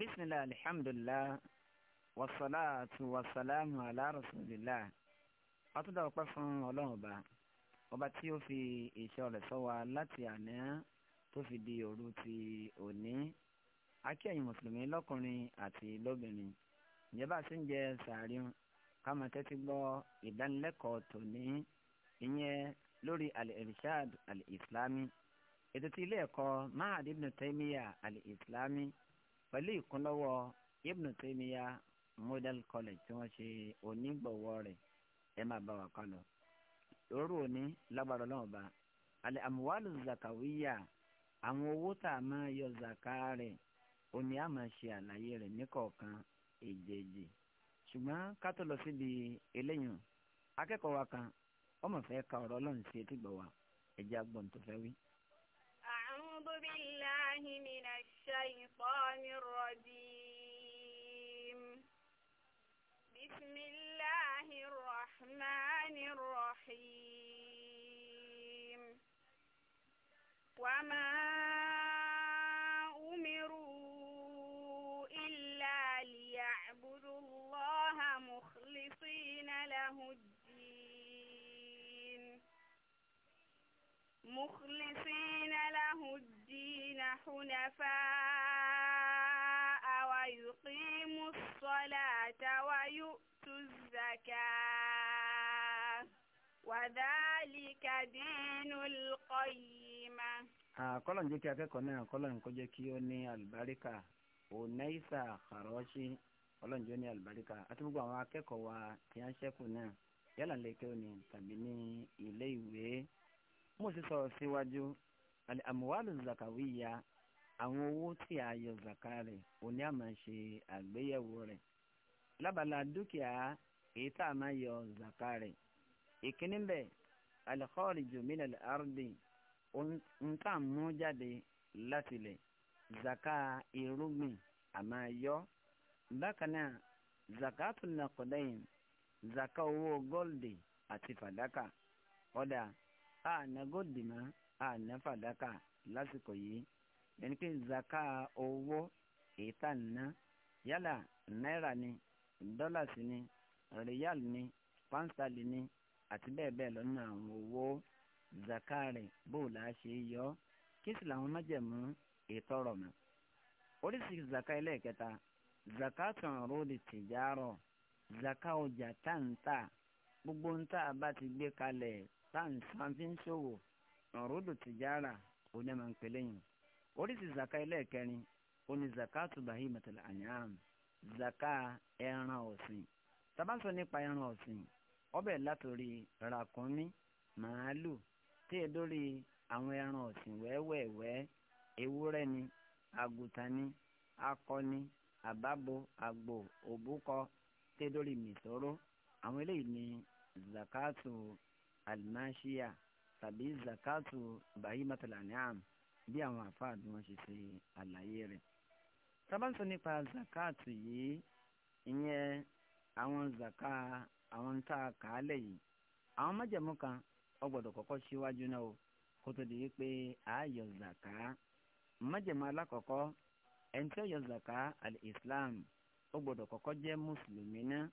bisimilah alihamdulilah wasalaatu wasalaamu ala rasulillah atúndà ọpẹ́ fún Ọlọ́run ọba ọba tí ó fi ìṣọ́ rẹ̀ ṣọ́ wa láti àná tó fi di òru ti òní akẹ́yìn mùsùlùmí lọ́kùnrin àti lóbìnrin ìjọba sì ń jẹ sàárìn ká máa tẹ́tí gbọ́ ìdánilẹ́kọ̀ọ́ tòní ìyẹn lórí al-irshad al-islami ètò ti ilé ẹ̀kọ́ mahad ibn taymiya al-islami. Al pẹ̀lú ìkúnlọ́wọ́ Ibn Taymiya Model College tí wọ́n ṣe onígbọ̀wọ́ rẹ̀ ẹ máa bá wa kọ́ lọ. òru òní lágbára ọlọ́run ba alẹ́ àmúwálù zakawiya àwọn owó tá a máa yọ zaka rẹ̀ òní a máa ṣe àlàyé rẹ̀ níkọ̀ọ̀kan èjèèjì ṣùgbọ́n ká tó lọ síbi eléyìn akẹ́kọ̀ọ́ wa kan ọmọ fẹ́ ka ọ̀rọ̀ ọlọ́run sí etí gbọ̀ wa ẹ̀jẹ̀ agbọ̀n tó fẹ́ wí. أعوذ بالله من الشيطان الرجيم بسم الله الرحمن الرحيم وما أمروا إلا ليعبدوا الله مخلصين له الدين مخلصين له الدين الدين حنفاء ويقيم الصلاة ويؤت الزكاة وذلك دين القيمة kọ́lọ̀ ń jẹ́ kí akẹ́kọ̀ọ́ náà kọ́lọ̀ ń kó jẹ́ kí ó ní àlùbáríkà onaisa kàrọ́ọ̀ṣì kọ́lọ̀ ń jẹ́ ní àlùbáríkà àti gbogbo àwọn akẹ́kọ̀ọ́ wa tí wọ́n ṣẹ́kù náà yálà lẹ́kẹ́ òní tàbí ní ilé ìwé mo sì sọ̀rọ̀ síwájú àmúwálù zakawiya àwọn owó tí a yọ zaka rẹ̀ òní àmà ṣe àgbéyẹ̀wò rẹ̀ lábala dúkìá èyí tá a máa yọ zaka rẹ̀ ìkíní bẹ̀ al-khariju min al-ardi nǹkan mú jáde látilẹ̀ zaka irúgbìn àmà yọ bákan náà zakatu naqdain zaka owó gọ́ọ̀lì àti fàdákà ọ̀dà àná gọ́ọ̀lì máa àná fàdákà lásìkò yìí ẹni pé zaka owó ètà ná yálà náírà ni dọ́là sí ni rìyàl ni pánstálì ni àti bẹ́ẹ̀ bẹ́ẹ̀ lọ́nà àwọn owó zaka rẹ̀ bó la ṣe yọ kí sì làwọn májẹ̀mú ètò ọ̀rọ̀ mọ́ oríṣi zaka ẹlẹ́ẹ̀kẹta zaka tàn róòdì tìjárọ̀ zaka ọjà táǹtà gbogbo ń tá bá ti gbé kalẹ̀ táǹtà fi ń ṣòwò ọ̀rọ̀dù tìjára onímọ̀ nkpẹ́lẹ́yìn oríṣi zaka ẹlẹ́ẹ̀kẹrin zaka tubahi mẹtẹlẹ onye zaka ẹran ọ̀sìn anya nípa ẹran ọ̀sìn ọbẹ̀ látòrí ràkúnmí màálù tí e dórí àwọn ẹran tedori awọn ewúrẹ́ ni ewureni ni akọ ni àbábo àgbò òbúkọ tí e dórí mìsòrò àwọn eléyìí ni zakatu tàbí zakatu bayi matalaniam bí àwọn àfáà bí wọ́n ṣe ṣe àlàyé rẹ̀ sábàǹsọ nípa zakatu yìí ìyẹn àwọn zaka àwọn tá a kà á lẹ̀ yìí àwọn májẹ̀mú kan ó kọ́kọ́ síwájú náà o kó tó di pé a zaka májẹ̀mú alákọ̀ọ́kọ́ ẹni tí ó yọ zaka al-islam ó gbọ́dọ̀ kọ́kọ́ jẹ́ mùsùlùmí náà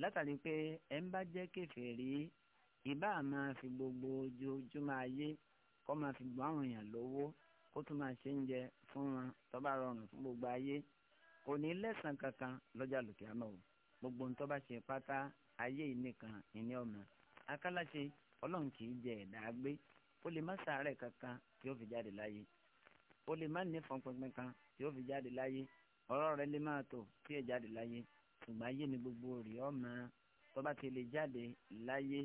látàrí pé ẹ̀ ń bá jẹ́ kèfèrí ìbá máa fi gbogbo ojoojúmọ́ ayé kó máa fi gbọ́ àwọn èèyàn lówó kó tún máa ṣe oúnjẹ fún wọn tó bá rọrùn fún gbogbo ayé kò ní lẹ́sàn kankan lọ́jà lòkè àmọ́ o gbogbo ń tó bá ṣe pátá ayé yìí nìkan ìní ọmọ akálàṣe ọlọ́run kì í jẹ ẹ̀dá gbé ó lè má sàárẹ̀ kankan tí ó fi jáde láyé ó lè má nífọ̀n pinpin kan tí ó fi jáde láyé ọ̀rọ̀ rẹ̀ lè má tó tí ó jáde láyé ṣùgbọ́n ayé ni gbogbo rẹ̀ ọmọ tó bá ti lè jáde láyé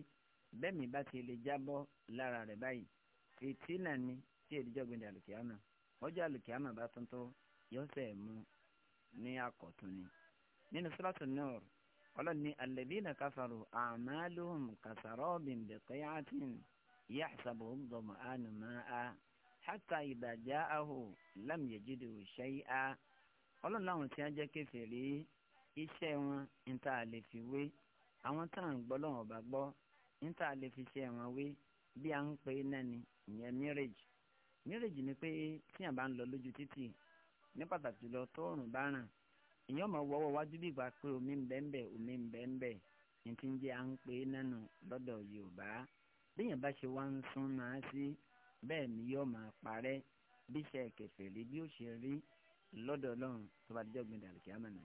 bẹ́ẹ̀ bá ti lè jábọ́ lára rẹ̀ báyìí ni tí èdèjọ́ gbẹ̀dẹ̀ àlùkìyàmà ọjọ́ àlùkìyàmà bá tuntun yọ̀ọ́sẹ̀ mú ní àkọ́tún ni. nínú sọ́lọ́tù Nur ọlọ́ni alladhina kafaru a'maluhum kasarabin biqi'atin yahsabuhu ad-dama'anu ma'an hatta idha láwọn tí wọ́n jẹ́ iṣẹ́ wọn àlè fi wé àwọn táwọn gbọ́ lọ́wọ́ níta lè fi ṣe ẹ̀wọ̀n wé bí a ń pè é náà ni ìyẹn mírèjì mírèjì ni pé tíyàn bá ń lọ lójú títì ní pàtàkì jùlọ tóòrùn bá ràn ìyẹn ọmọ wọ́wọ́ wájú bí ìgbà pé omi ń bẹ́ ń bẹ́ omi ń bẹ́ ń bẹ́ ní ti ń jẹ́ à ń pè é nánu lọ́dọ̀ Yorùbá bíyàn bá ṣe wá ń sún máa sí bẹ́ẹ̀ ni yóò máa parẹ́ bí iṣẹ́ kẹfẹ́ rí bí ó ṣe rí lọ́dọ̀ Ọlọ́run tó bá dijọ́ gbin dàlùkì àmàna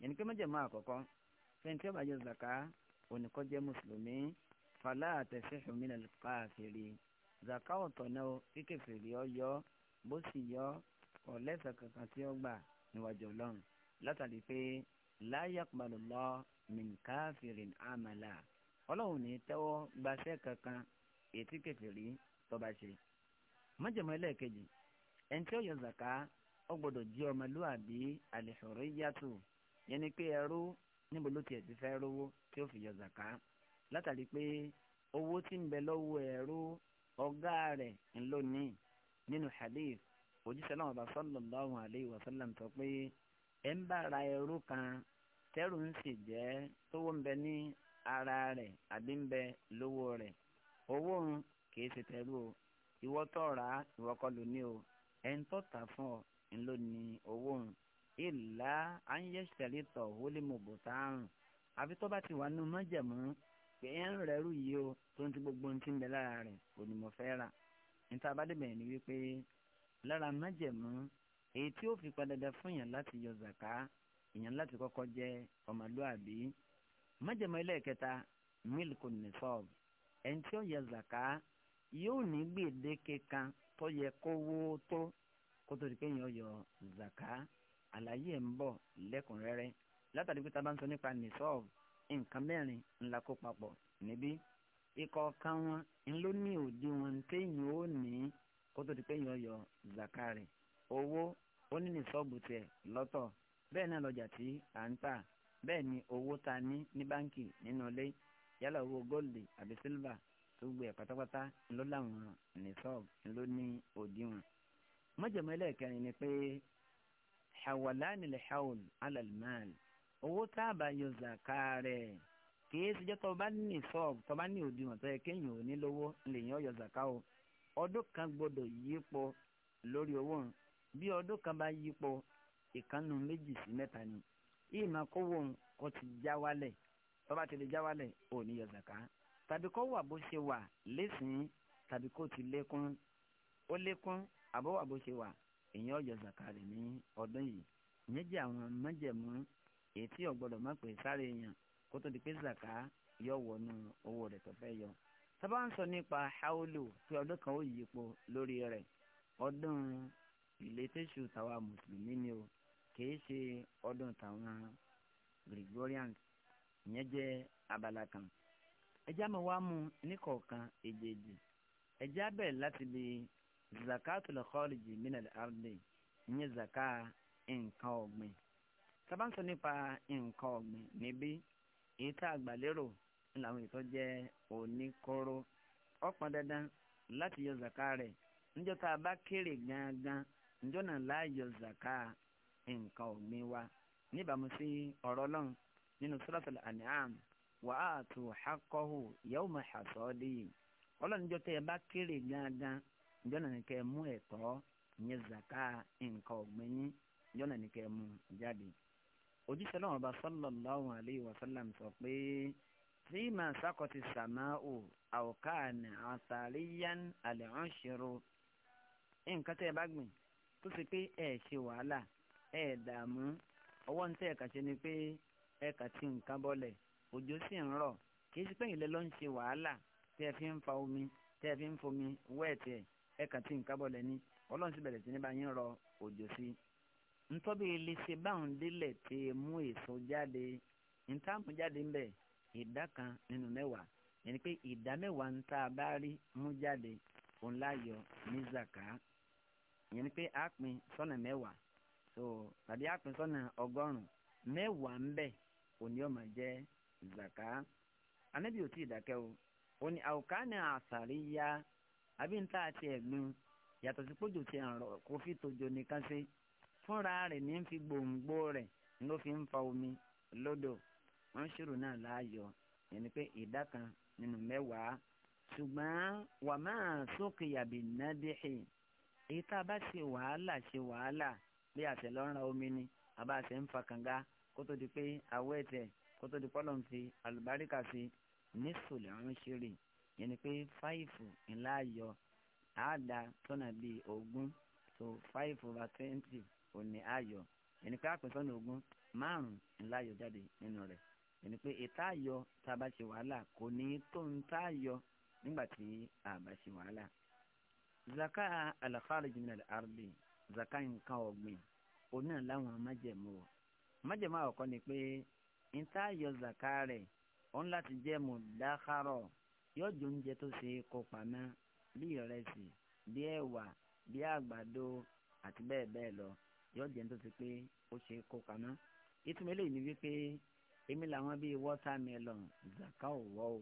yẹn ni pé mọ́jẹ̀mọ́ àkọ́kọ́ fẹ́ntì ọ̀bàjọ́ zaka oníkọ́jẹ́ mùsùlùmí fàlà àtẹ̀síhùn mi nàlẹ́ káàkiri zaka ọ̀tọ̀ náà kíkẹ́fẹ̀rí ọyọ́ bó sì yọ ọ̀lẹ́sẹ̀ kankan tí ó gbà níwájú ọlọ́run látàrí pé la yaqbalu Allah min káfírin amala ọlọ́run ní tẹ́wọ́ gbaṣẹ́ kankan ètí kẹfìrí tọ́ba ṣe. májèmọ́ ẹlẹ́ẹ̀kejì ẹni tí ó yọ zaka ó gbọ́dọ̀ jí ọmọlúwàbí al-hurriyatu yẹn pé ẹrú níbo ló tiẹ̀ ti fẹ́ rówó tí ó fi yọ zaka látàrí pé owó tí ń bẹ lọ́wọ́ ẹ̀rú ọ̀gá rẹ̀ ńlónìí nínú hadith òjíṣẹ́ náà bá sallallahu alayhi wa sallam sọ pé ẹ̀ ń bá ra ẹ̀rú kan tẹ́rù ń sì jẹ́ tówó ń bẹ ní ara rẹ̀ àbí ń bẹ lọ́wọ́ rẹ̀ owó ń kìí ṣe tẹ́rù o ìwọ tó rà á ní o ẹ̀ ń tọ́ta fún ọ ńlọ owó ń ìlà ayé ṣẹlẹ̀ tọ̀ wọlé mọ̀bọ̀tà àrùn àfi tó bá ti wà nínú májẹ̀mú pé ẹ ń rẹrú yìí o tó ń ti gbogbo ohun tí ń bẹ lára rẹ̀ kò ní mo fẹ́ rà níta abádébẹ̀ ni wípé lára májẹ̀mú èyí tí ó fi padà dá fún èèyàn láti yọ zàká èèyàn láti kọ́kọ́ jẹ́ ọmọlúàbí májẹ̀mú ẹlẹ́ẹ̀kẹta mílíkù nìfọ́ọ̀b ẹni tí ó yọ zàká yóò ní gbèdéke kan tó yẹ kówó tó kó tó di pé èèyàn yọ zàká àlàyé ń bọ̀ lẹ́kùnrẹ́rẹ́ látàrí pé tá a bá ń sọ nípa nìfọ́ọ̀b nǹkan mẹ́rin ńlá kó papọ̀ níbí ikọ̀ ọ̀kan wọn ńlọ ní òdiwọ̀n téèyàn ó ní kó tó di pé yàn yọ zakari owó ó ní ní sọ́ọ̀bù tiẹ̀ lọ́tọ̀ bẹ́ẹ̀ náà lọ́jà tí à ń tà bẹ́ẹ̀ ni owó ta ní ní báńkì nínú ilé yálà owó góòlì àbí sílvà tó gbé ẹ̀ pátápátá ńlọ làwọn ní sọ́ọ̀bù ńlọ ní òdiwọ̀n. mọ́jọ̀mọ́ ẹlẹ́ẹ̀kẹrin ni pé hawalani lehawul alalmaal owó tá a bá yọ zàká rẹ̀ kìí ṣe tó bá ní sọ́ọ̀b tó bá ní òdiwọ̀n tó yẹ kéèyàn ò ní lówó lèyìn ọ̀yọ̀ zàká o ọdún kan gbọdọ̀ yípo lórí owó n bí ọdún kan bá yípo ìkànnù méjì sí mẹ́ta ni yìí máa kówó kó ti já wálẹ̀ tó bá ti lè já wálẹ̀ ò ní yọ zàká tàbí kó wà bó ṣe wà lẹ́sìn tàbí kó ti lékún ó lékún àbó bó ṣe wà èèyàn ọ̀yọ̀ zàká rẹ̀ ní ọdún yìí ìyẹn jẹ́ àwọn májẹ̀mú èyí tí ó gbọ́dọ̀ má pè sáré èèyàn kó tó di pé zaka yọ wọnú owó rẹ̀ tó fẹ́ yọ. sábà ń sọ nípa haulu pé ọdún kan ó yípo lórí rẹ̀ ọdún ìlétẹ́sù tàwa mùsùlùmí ni o kìí ṣe ọdún tàwọn Gregorians ìyẹn jẹ́ abala kan. ẹjẹ́ àmọ́ wa mú níkọ̀ọ̀kan èjèèjì ẹjẹ́ abẹ́ láti bi zakatul khariji minal ardi ìyẹn zaka nǹkan ọ̀gbìn. sábà ń sọ nípa nǹkan ọ̀gbìn níbí èyí tá a gbà lérò làwọn ètò jẹ́ oníkóró ó dandan láti yọ zaka rẹ̀ níjọ́ tá a bá kéré gangan níjọ́ náà láàyò zaka nǹkan ọ̀gbìn wa níbàámu sí ọ̀rọ̀ Ọlọ́run nínú Suratul An'am wa atu haqqahu yawma hasadihi Ọlọ́run níjọ́ tẹ́ ẹ bá kéré gangan níjọ́ náà ní kẹ́ ẹ mú ẹ̀tọ́ ìyẹn zaka nǹkan ọ̀gbìn yín níjọ́ náà ní kẹ́ òjíṣẹ́ náà ọba sallallahu alayhi wa sallam sọ pé tí màá sákòtì sàmáù àwòkáàní àtàríyàn àlẹ́hánṣẹ́rò nǹkan tẹ́ ẹ bá gbìn tó ṣe pé ẹ̀ ṣe wàhálà ẹ̀ dààmú ọwọ́ ń tẹ́ ẹ̀ka ṣe ni pé ẹ̀ka ti nǹkan bọ́lẹ̀ òjò sì ń rọ̀ kì í ṣe pé ìlẹ̀ ló ń ṣe wàhálà tẹ́ ẹ fi ń fa omi tẹ́ ẹ fi ń fomi wẹ́ẹ̀tì ẹ̀ ẹ̀ka ti nǹkan bọ́lẹ̀ ni ọlọ́run sì bẹ̀rẹ̀ sí ní bá yín rọ òjò sí i ntọ́bi ilé ṣe báwọn délẹ̀ tí e mú èso jáde ntàmú jáde ńbẹ ìdá kan nínú mẹ́wàá yẹn ni pé ìdá mẹ́wàá ntà bá rí mú jáde òun láyọ ní zaka yẹn ni pé a sọ́nà mẹ́wàá so tàbí a pín sọ́nà ọgọ́rùn mẹ́wàá ńbẹ òní ọmọ jẹ́ zaka anabi ò tí ì o òní àwòká ni àṣàrí ya àbí ntà àti ẹ̀gbin yàtọ̀ sí pójò ti hàn rọ̀ kó fi tòjò nìkan fúnra rẹ̀ ní fi gbòǹgbò rẹ̀ ló fi ń fa omi lódò wọ́n ṣòro náà láàyò yẹn ni pé ìdá kan nínú mẹ́wàá ṣùgbọ́n wà máa sókè yàbí nádìhì èyí tá a bá ṣe wàhálà ṣe wàhálà bí àṣẹ lọ́nra omi ni àbá àṣẹ ń fa kànga kó tó di pé àwọ̀ ẹ̀tẹ̀ kó tó di pọ́lọ̀ ń fi àlùbáríkà sí ní sòlẹ̀ ọ̀run ṣeré yẹn pé fáìfù ńlá yọ àádá tọ́nà bíi ogún tó fáìfù bá twenty òní ayọ̀ ẹni pé àpẹsọ́nà ogún márùn ńlá ayọ̀ jáde nínú rẹ̀ ẹni pé ètò ayọ̀ tá a bá ṣe wàhálà kò ní tó ń tá ayọ̀ nígbà tí a bá ṣe wàhálà. zaka al-kharij min al-ardi zaka nǹkan ọ̀gbìn òun náà láwọn májẹ̀mú o májẹ̀mú àkọ́kọ́ ni pé níta yọ zaka rẹ̀ òun láti jẹ́ mùdákàrọ̀ yọjú oúnjẹ tó ṣe kó pamọ́ bí ìrẹsì bí ẹ̀wà bí àgbàdo àti bẹ́ẹ̀ bẹ́ẹ̀ lọ yóò jẹ́ tó ti pé ó ṣe kó pamọ́ ìtumọ̀ eléyìí ni wípé èmi làwọn bíi watermelon zaka ò wọ́ o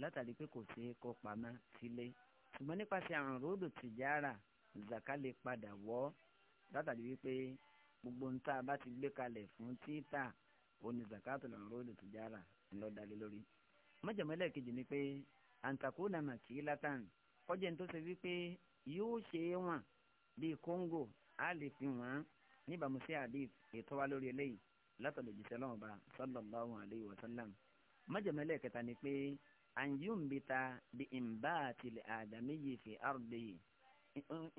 látàrí pé kò ṣe kó pamọ́ sílé ṣùgbọ́n nípasẹ̀ àrùn ròdò tìjára zaka lè padà wọ́ látàrí wípé gbogbo ń bá ti gbé kalẹ̀ fún títà òní zakato lọ́rùn ròdò tìjára ńlọ dalé lórí. mọ́jọ̀mọ́lẹ̀ kejì ni pé àǹtakùnà màkìlátàn kọjá ní tó ṣe wípé yóò ṣe é wọ̀n bíi kóńgò á lè fi wọ́n níbàámu sí hadith ètò wa lórí eléyìí látọ̀dọ̀ jíṣẹ́ lọ́wọ́ bá sallallahu alayhi wa sallam májèmẹ́lẹ̀ kẹta ni pé anjumbita bi imbatil adamiyi fi ardi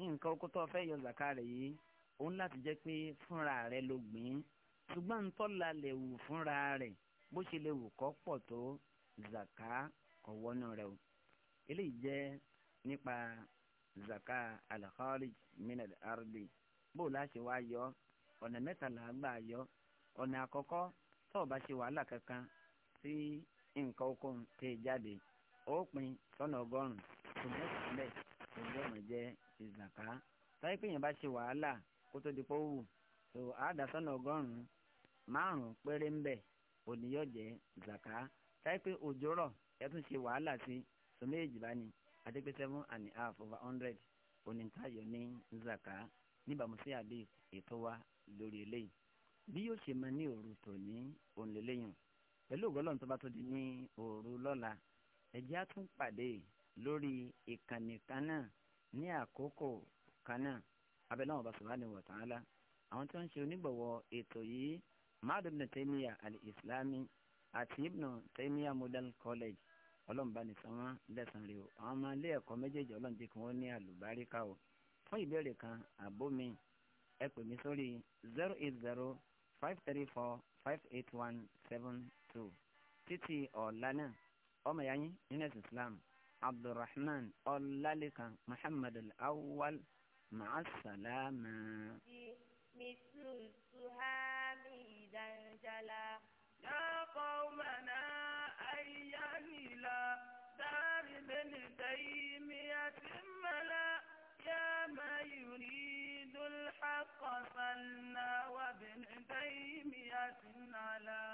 nǹkan oko tó fẹ́ yọ zakari yìí òun láti jẹ́ pé fúnra rẹ̀ ló gbìn ṣùgbọ́n ntọ́la lè wù fúnra rẹ̀ bó ṣe lè wù kọ́ pọ̀ tó zaka ọ̀wọ́nú rẹ̀ o eléyìí jẹ́ nípa zaka al-kharij min al bóò láṣẹ wá yọ ọ̀nà mẹ́ta là á gbà yọ ọ̀nà àkọ́kọ́ tó o bá ṣe wàhálà kankan tí nǹkan oko ń tẹ̀ jáde ó pin sọ́nà ọgọ́rùn-ún kò mẹ́sàn-án bẹ́ẹ̀ ojú ọ̀nà jẹ́ ìzàká táyé pé èèyàn bá ṣe wàhálà kó tó di pé ó wù tó àádá sọ́nà ọgọ́rùn-ún márùn-ún péré ń bẹ̀ òní yóò jẹ́ ìzàká táyé pé òjò rọ̀ ẹ tún ṣe wàhálà sí sọmọ èjì bá ní àti half over hundred oníkayọ̀ ní níbàámu sí àdé ètò wa lórí eléyìí bí yóò ṣe máa ní òru tòní òun lélẹ́yìn pẹ̀lú ògbọ́lọ́run tó bá tó di ní òru lọ́la ẹ jẹ́ á tún pàdé lórí ìkànnì kan náà ní àkókò kan náà abẹ́láwọn ọba subhanahu wa ta'ala àwọn tí wọ́n ń ṣe onígbọ̀wọ́ ètò yìí mahadum ibn taymiya al-islami àti ibn taymiya model college ọlọ́run bá nìsan wọn lẹ́sàn-án rẹ̀ o àwọn ọmọ ilé ẹ̀kọ́ méjèèjì ọlọ́run ní àlùbáríkà o fún ìbéèrè kan àbó mi ẹ pè mí sórí zero eight zero five three four five eight one seven two títí ọ̀la náà ọmọ ìyá yín nínú ẹ̀sìn Islam Abdulrahman Ọlálékan Muhammad Awal Ma'asalama. مثل السهام إذا انجلى يا قومنا أيا إلى دار من تيمية ملا أيام يريد الحق فلنا وابن تيمية على